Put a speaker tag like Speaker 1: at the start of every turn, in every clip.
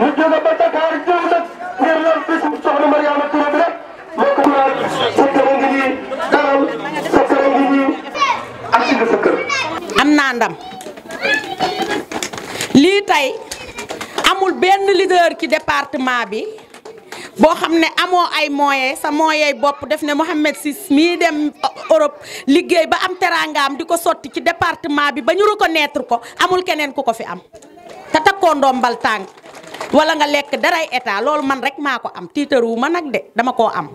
Speaker 1: a ngi
Speaker 2: am naa ndam lii tey amul benn leader ci département bi boo xam ne amoo ay moyen sa moyen bopp def ne Mouhamed Ciss mii dem Europe liggéey ba am teraangaam di ko sotti ci département bi ba ñu reconnaître ko amul keneen ku ko fi am te takkoon ndombal tànk wala nga lekk daray état loolu man rek maa ko am tiitaru ma nag de dama koo am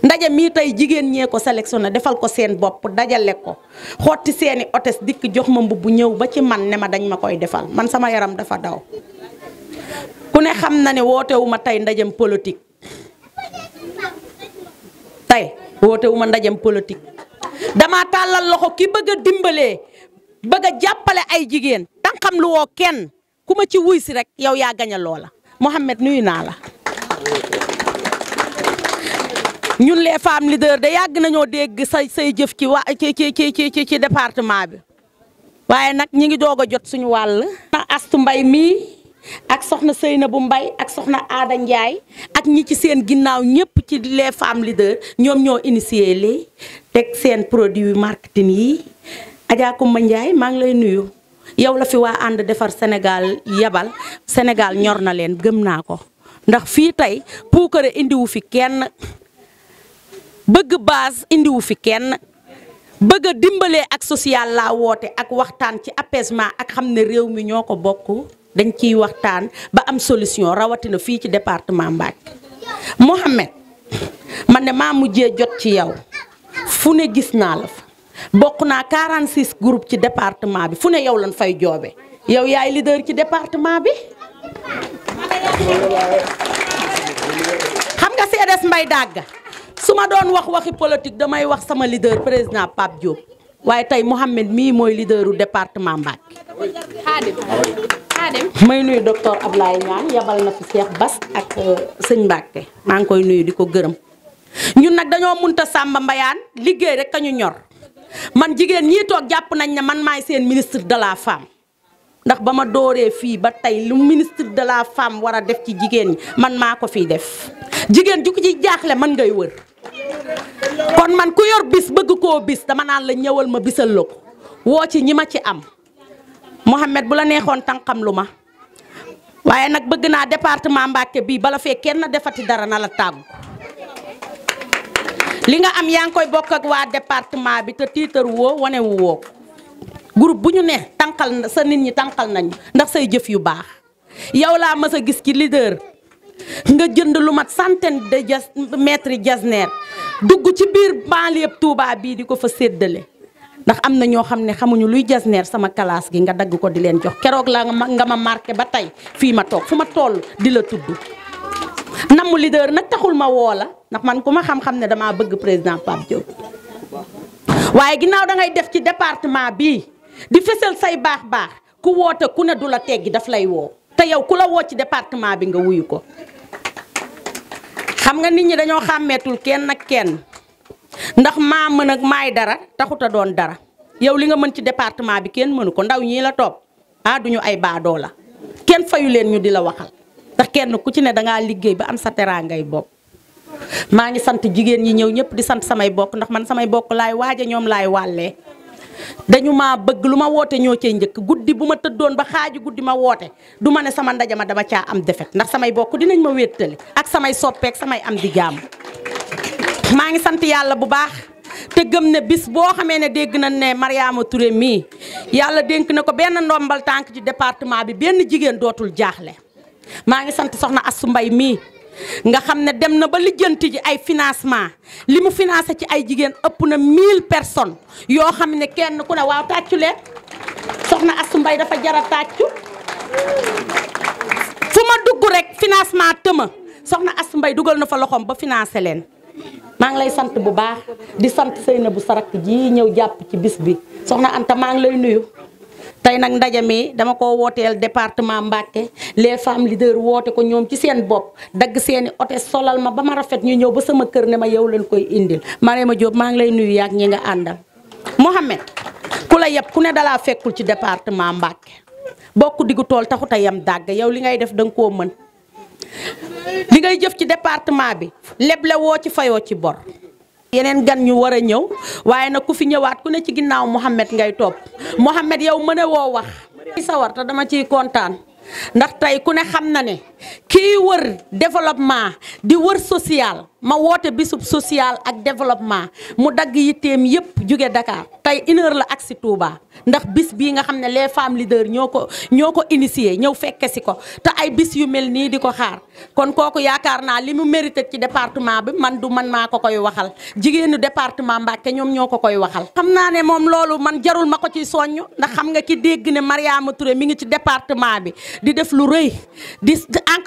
Speaker 2: ndaje mii tey jigéen ñee ko sélectionné defal ko seen bopp dajale ko xotti seeni otes dikk jox ma mbubb ñëw ba ci man ne ma dañ ma koy defal man sama yaram dafa daw ku ne xam na ne wootewu ma tey ndajam politique tey wootewu ma ndajem politique dama tàllal loxo ki bëgg dimbalee bëgg a jàppale ay jigéen tan xam lu woo kenn ku ma ci wuy si rek yow yaa gañaloo la Mouhamed nuyu naa la ñun les femmes de yàgg nañoo dégg say say jëf ci wa ci ci ci ci département bi waaye nag ñi ngi doog a jot suñu wàll astu mbay mii ak soxna bu Mbay ak soxna Aada Ndiaye ak ñi ci seen ginnaaw ñëpp ci les femmes leaders ñoom ñoo initié li teg seen produit marketing yi Adja Kumba Ndiaye maa ngi lay nuyu yow la fi waa ànd defar Sénégal yabal Sénégal ñor na leen gëm naa ko ndax fii tey puukare indiwu fi kenn bëgg base indiwu fi kenn bëgg dimbalee ak social laa woote ak waxtaan ci apaisement ak xam ne réew mi ñoo ko bokk dañ ciy waxtaan ba am solution rawatina fii ci département Mbacké Mohamed man ne maa mujjee jot ci yow fu ne gis naa la bokk naa 46 groupe ci département bi fu ne yow lan fay joobe yow yaay leader ci département bi xam nga CDS Mbaye Dagga su ma doon wax waxi politique damay wax sama leader président Pape Diop waaye tey Mouhamed mii mooy leaderu département Mbacké may nuyu docteur Ablaye Niang yabal na fi Cheikh Bass ak euh, sëñ Mbacké maa ngi koy nuyu di ko gërëm ñun nag dañoo munta sàmba mbayaan liggéey rek ka ñu ñor man jigéen ñii toog jàpp nañ ne man maay seen ministre de la femme ndax ba ma dooree fii ba tey lu ministre de la femme war a def ci jigéen ñi man maa ko fiy def jigéen ju ko ci jaaxle man ngay wër kon man ku yor bis bëgg koo bis dama naan la ñëwal ma bisal la ko woo ci ñi ma ci am mohamed bu la neexoon tànqam lu ma waaye nag bëgg naa département Mbacké bii bala fee kenn defati dara na la tàggu li nga am yaa ngi koy bokk ak waa département bi te tiitar woo wane woo groupe bu ñu ne tànqal sa nit ñi tànqal nañu ndax say jëf yu baax yow laa mës a gis ci leader nga jënd lu mat centaine de jas mètres jasneer dugg ci biir banlieue Touba bii di ko fa séddale ndax am na ñoo xam ne xamuñu luy jas neer sama classe gi nga dagg ko di leen jox keroog la nga ma marqué ba tey fii ma toog fu ma toll di la tudd namu leader nag taxul ma woo la ndax man ku ma xam-xam ne damaa bëgg président Pape Diop waaye ginnaaw da ngay def ci département bii di fësal say baax-baax ku woote ku ne du la teggi daf lay woo te yow ku la woo ci département bi nga wuyu ko xam nga nit ñi dañoo xàmmeetul kenn ak kenn ndax maa mën ak maay dara taxut a doon dara yow li nga mën ci département bi kenn mënu ko ndaw ñii la topp ah duñu ay baadoo la kenn fayu leen ñu di la waxal kenn ku ci ne dangaa liggéey ba am sa teraangay bopp maa ngi sant jigéen ñi ñëw ñëpp di sant samay bokk ndax man samay bokk laay waaja ñoom laay wàllee dañu ma bëgg lu ma woote ñoo cay njëkk guddi bu ma tëddoon ba xaaju guddi ma woote du ma ne sama ndaje ma dama caa am defet ndax samay bokk dinañ ma wéttali ak samay soppeek samay am di jaam maa ngi sant yàlla bu baax te gëm ne bis boo xamee ne dégg nañ ne Mariama ture mii yàlla dénk na ko benn ndombal tànk ci département bi benn jigéen dootul jaaxle maa ngi sant soxna Astou mbay mii nga xam ne dem na ba lijjanti ji ay financement li mu financé ci ay jigéen ëpp na 1000 personnes yoo xam ne kenn ku ne waaw tàccu leen soxna Astou mbay dafa jar a tàccu fu ma dugg rek financement tëma soxna Astou mbay dugal na fa loxoom ba financé leen maa ngi lay sant bu baax di sant sëy na bu sarak jii ñëw jàpp ci bis bi soxna Anta maa ngi lay nuyu tey nag ndaje mi dama ko wooteel département Mbacké les femmes leaders woote ko ñoom ci seen bopp dagg seeni ote solal ma ba ma rafet ñu ñëw ba sama kër ne ma yow leen koy indil ma Diop maa ngi lay nuyu yaag ñi nga àndal Mohamed ku la yeb ku ne dalaa fekkul ci département Mbacké bokk diggu tool taxut a yem dàgg yow li ngay def danga koo mën li ngay jëf ci département bi leble woo ci fayoo ci bor yeneen gan ñu war a ñëw waaye nag ku fi ñëwaat ku ne ci ginnaaw Mohamed ngay topp Mouhamed yow mën a woo wax. sawar te dama ciy kontaan ndax tey ku ne xam na ne. kii wër développement di wër social ma woote bisub social ak développement mu dagg yitteem yépp jóge dakaar tey une la ak si ndax bis bii nga xam ne les femmes leaders ñoo ko ñoo ko initié ñëw fekke si ko te ay bis yu mel nii di ko xaar kon kooku yaakaar naa li mu mérité ci département bi man du man maa ko koy waxal jigéenu département Mbacké ñoom ñoo ko koy waxal xam naa ne moom loolu man jarul ma ko ci soññ ndax xam nga ki dégg ne Mariama Touré mi ngi ci département bi di def lu rëy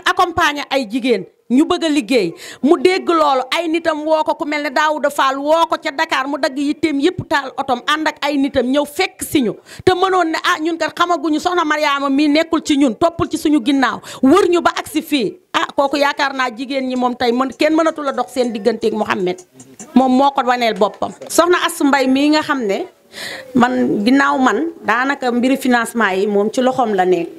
Speaker 2: accompagner ay jigéen ñu bëgg a liggéey mu dégg loolu ay nitam woo ko ku mel ne Daouda Fall woo ko ca dakaar mu dagg yitteem yëpp taal otom ànd ak ay nitam ñëw fekk si ñu te mënoon ne ah ñun kat xamaguñu soxna Mariama mii nekkul ci ñun toppul ci suñu ginnaaw wër ñu ba ak si fii ah kooku yaakaar naa jigéen ñi moom tey mën kenn mënatu la dox seen digganteeg Mouhamed moom moo ko waneel boppam soxna Asu Mbay mii nga xam ne man ginnaaw man daanaka mbiri financement yi moom ci loxoom la nekk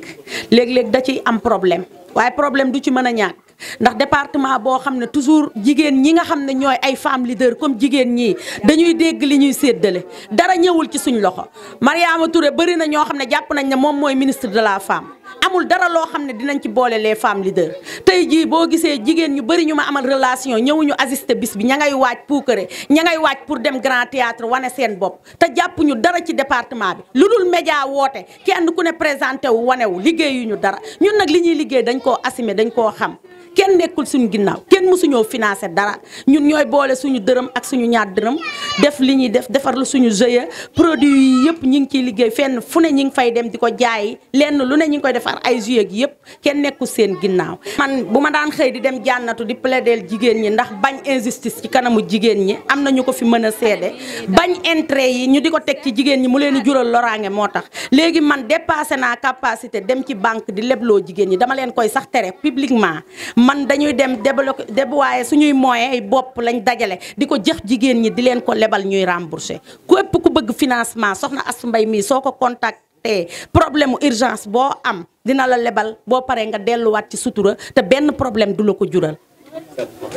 Speaker 2: léeg-léeg da ciy am problème waaye problème du ci mën a ñàkk ndax département boo xam ne toujours jigéen ñi nga xam ne ñooy ay femmes leaders comme jigéen ñii dañuy dégg li ñuy séddale dara ñëwul ci suñ loxo Mariama Touré bëri na ñoo xam ne jàpp nañ ne moom mooy ministre de la femme amul dara loo xam ne dinañ ci boole les femmes leaders tey jii boo gisee jigéen ñu bëri ñu ma amal relation ñëwuñu assisté bis bi ña ngay waaj puukare ña ngay waaj pour dem grand théâtre wane seen bopp te jàpp ñu dara ci département bi lu dul média woote kenn ku ne présenté wu wane wu liggéeyuñu dara ñun nag li ñuy liggéey dañ koo assumer dañ koo xam kenn nekkul suñu ginnaaw kenn mësuñoo financé dara ñun ñooy boole suñu dërëm ak suñu ñaar dërëm def li ñuy def defar lu suñu GIE produit yi yëpp ñi ngi ciy liggéey fenn fu ne ñi ngi fay dem di ko jaay lenn lu ne ñi ngi koy defar ay GIE gi yëpp kenn nekkul seen ginnaaw man bu ma daan xëy di dem jànnatu di plaider jigéen ñi ndax bañ injustice ci kanamu jigéen ñi am na ñu ko fi mën a seede bañ intérêt yi ñu di ko teg ci jigéen ñi mu leen di jural loraange moo tax léegi man dépassé naa capacité dem ci banque di lebloo jigéen ñi dama leen koy sax tere publiquement man dañuy dem débloqué waaye suñuy moyens yi bopp lañ dajale di ko jëf jigéen ñi di leen ko lebal ñuy remboursé képp ku bëgg financement soxna Astou mbay mii soo ko contacté problème mu urgence boo am dina la lebal boo paree nga delluwaat ci sutura te benn problème du la ko jural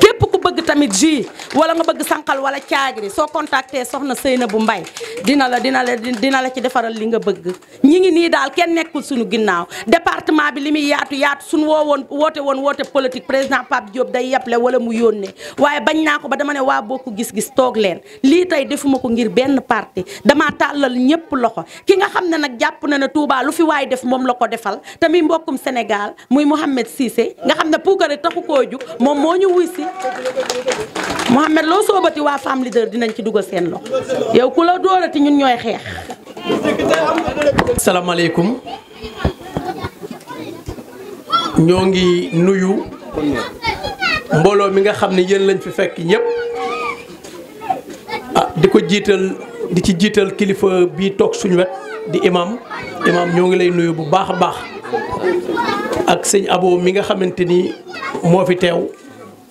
Speaker 2: képp ku bëgg tamit jus wala nga bëgg sànqal wala caagri soo contacté soxna bu mbay dina la dina la dina la ci defaral li nga bëgg ñi ngi nii daal kenn nekkul suñu ginnaaw département bi li muy yaatu yaatu suñu woo woon woote woon woote politique président Pape Diop day yaple wala mu yónnee waaye bañ naa ko ba dama ne waa bokk gis-gis toog leen lii tey defuma ko ngir benn parti damaa tàllal ñëpp loxo ki nga xam ne nag jàpp na ne Touba lu fi waaye def moom la ko defal te mbokkum Sénégal muy Mouhamed Cissé nga xam ne puukare taxu koo jug moom moo ñu wuy si Mouhamed loo soobati waa femme leader dinañ ci dugal seen loxo yow ku la dóorati ñun ñooy xeex.
Speaker 1: salaamaaleykum ñoo ngi nuyu mbooloo mi nga xam ne yéen lañ fi fekk ñëpp ah, di ko jiital di ci jiital kilifa bi toog suñu wet di imam imam ñoo ngi lay nuyu bu baax a baax ak sëñ abo mi nga xamante ni moo fi teew.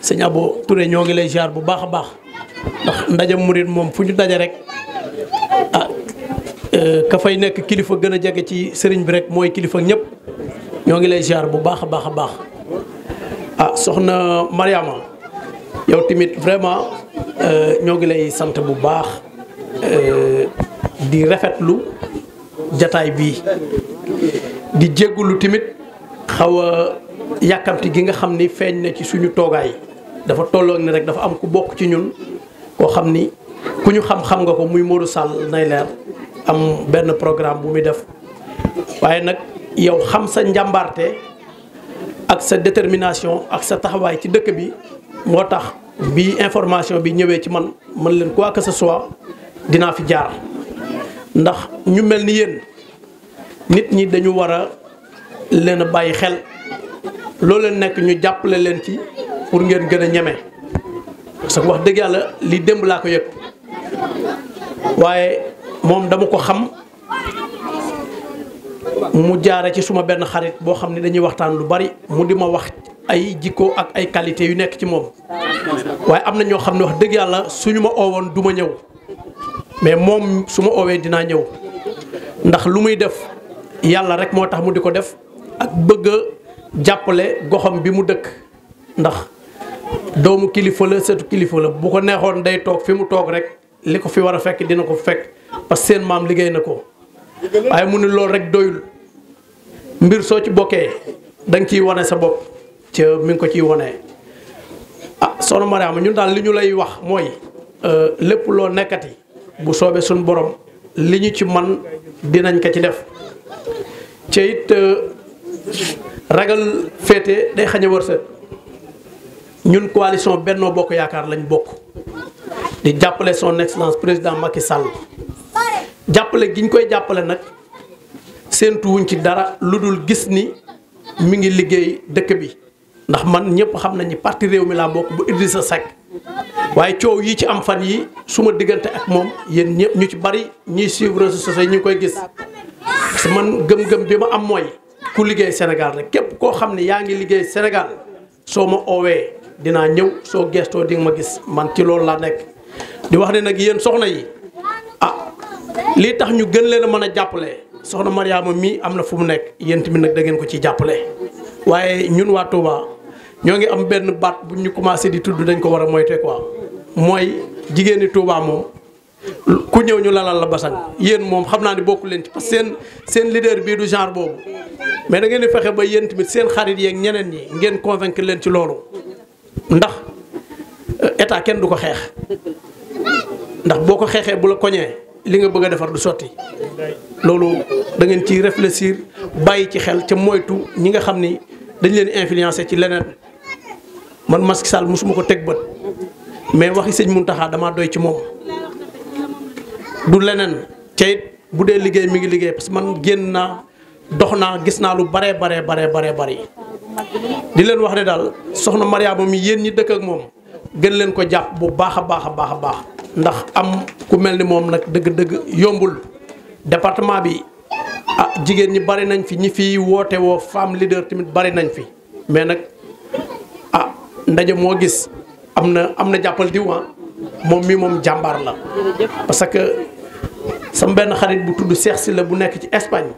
Speaker 1: sëñ Abo Touré ñoo ngi lay ziar bu baax a baax ndax ndaje murit moom fu ñu daje rek ah euh, ka fay nekk kilifa gën a jege ci sëriñ bi rek mooy kilifa ñëpp ñoo ngi lay ziar bu baax a baax a baax ah soxna Mariama yow tamit vraiment euh, ñoo ngi lay sant bu baax euh, di rafetlu jataay bii di jéggulu tamit xaw a yàkkamti gi nga xam ni feeñ na ci suñu toogaay. dafa tolloog ni rek dafa am ku bokk ci ñun koo xam ni ku ñu xam-xam nga ko muy Modou Sall nay leer am benn programme bu muy def waaye nag yow xam sa njàmbaarte ak sa détermination ak sa taxawaay ci dëkk bi moo tax bi information bi ñëwee ci man man leen quoi que ce dinaa fi jaar ndax ñu mel ni yéen nit ñi dañu war a leen bàyyi xel loo leen nekk ñu jàppale leen ci pour ngeen gën a ñeme parce wax dëgg yàlla li démb laa ko yëg waaye moom dama ko xam mu jaare ci suma benn xarit boo xam ne dañuy waxtaan lu bari mu di ma wax ay jikko ak ay qualité yu nekk ci moom waaye am na ñoo xam ne wax dëgg yàlla su suñu ma oowoon du ma ñëw mais moom su ma oowee dinaa ñëw ndax lu muy def yàlla rek moo tax mu di ko def ak bëgg a jàppale goxam bi mu dëkk ndax doomu kilifa la setu kilifa la bu ko neexoon day toog fi mu toog rek li ko fi war a fekk dina ko fekk parce que seen maam liggéey na ko waaye mu ne loolu rek doyul mbir soo ci bokkee da nga ciy wane sa bopp ca mi ngi ko ciy wane. ah soxna Mariama ñun daal li ñu lay wax mooy euh, lépp loo nekkati bu soobee suñ borom li ñu ci man dinañ ko ci def ca it euh, ragal féete day xañ a wërsëg ñun coalition Benno Bokk Yaakaar lañ bokk di jàppale son excellence président Macky Sall jàppale gi ñu koy jàppale nag séentu wuñ ci dara lu dul gis ni mu ngi liggéey dëkk bi ndax man ñëpp xam nañu parti réew mi laa bokk bu sa Seck waaye coow yi ci am fan yi suma diggante ak moom yéen ñëpp ñu ci bari ñi suivre réseaux sociaux ñu koy gis parce que man gëm-gëm bi ma am mooy ku liggéey Sénégal rek képp koo xam ne yaa ngi liggéey Sénégal soo ma oowee dinaa ñëw soo gestoo di nga ma gis man ci loolu laa nekk di wax ne nag yéen soxna yi ah lii tax ñu gën leen a mën a jàppale soxna Mariama mii am na fu mu nekk yéen tamit nag da ngeen ko ciy jàppale waaye ñun waa Touba ñoo ngi am benn baat bu ñu commencé di tudd dañ ko war a moyte quoi mooy jigéen ñi Touba moom ku ñëw ñu lalal la basan yéen moom xam naa ne bokku leen ci parce que seen seen leader bii du genre boobu mais da ngeen di fexe ba yéen tamit seen xarit yeeg ñeneen ñi ngeen convaincre leen ci loolu ndax euh, état kenn du ko xeex ndax boo ko xeexee bu la koñee li nga bëgg a defar du sotti loolu da ngeen ci réfléchir bàyyi ci xel ca moytu ñi nga xam ni dañ leen influencer ci leneen man Macky Sall mosuma ko teg bët mais waxi sëñ taxaa dama doy ci moom du leneen ca it bu dee liggéey mi ngi liggéey parce que man génn naa dox naa gis naa lu bare bare bare bare bare di leen wax ne daal soxna Mariama mi yéen ñi dëkk ak moom gën leen ko jàpp bu baax a baax a baax a baax ndax am ku mel ni moom nag dëgg-dëgg yombul département bi a ah jigéen ñi bari nañ fi ñi fiy woote woo femme leader tamit bari nañ fi mais nag a ah ndaje moo gis am na am na jàppal diw ah moom mi moom jàmbaar la parce que sama benn xarit bu tudd Seex si la bu nekk ci Espagne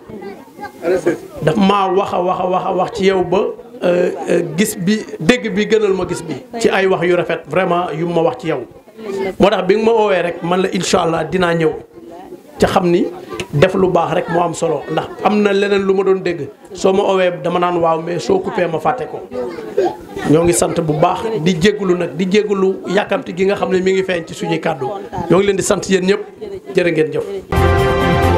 Speaker 1: daf maa wax a wax a wax a wax ci yow ba Euh, euh, gis bi dégg bi gënal ma gis bi ci ay wax yu rafet vraiment yu ma wax ci yow moo tax bi nga ma woowee rek man la incha allah dinaa ñëw ca xam ni def lu baax rek moo am solo ndax am na leneen lu ma doon dégg soo ma owee dama naan waaw mais soo coupé ma fàtte ko ñoo ngi sant bu baax di jégalu nag di jégalu yàkkamti gi nga xam ne mi ngi feeñ ci suñuy kàddu ñoo ngi leen di sant yéen ñëpp jërë ngeen jëf.